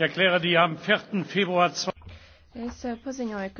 Es äh, paziņoju, ka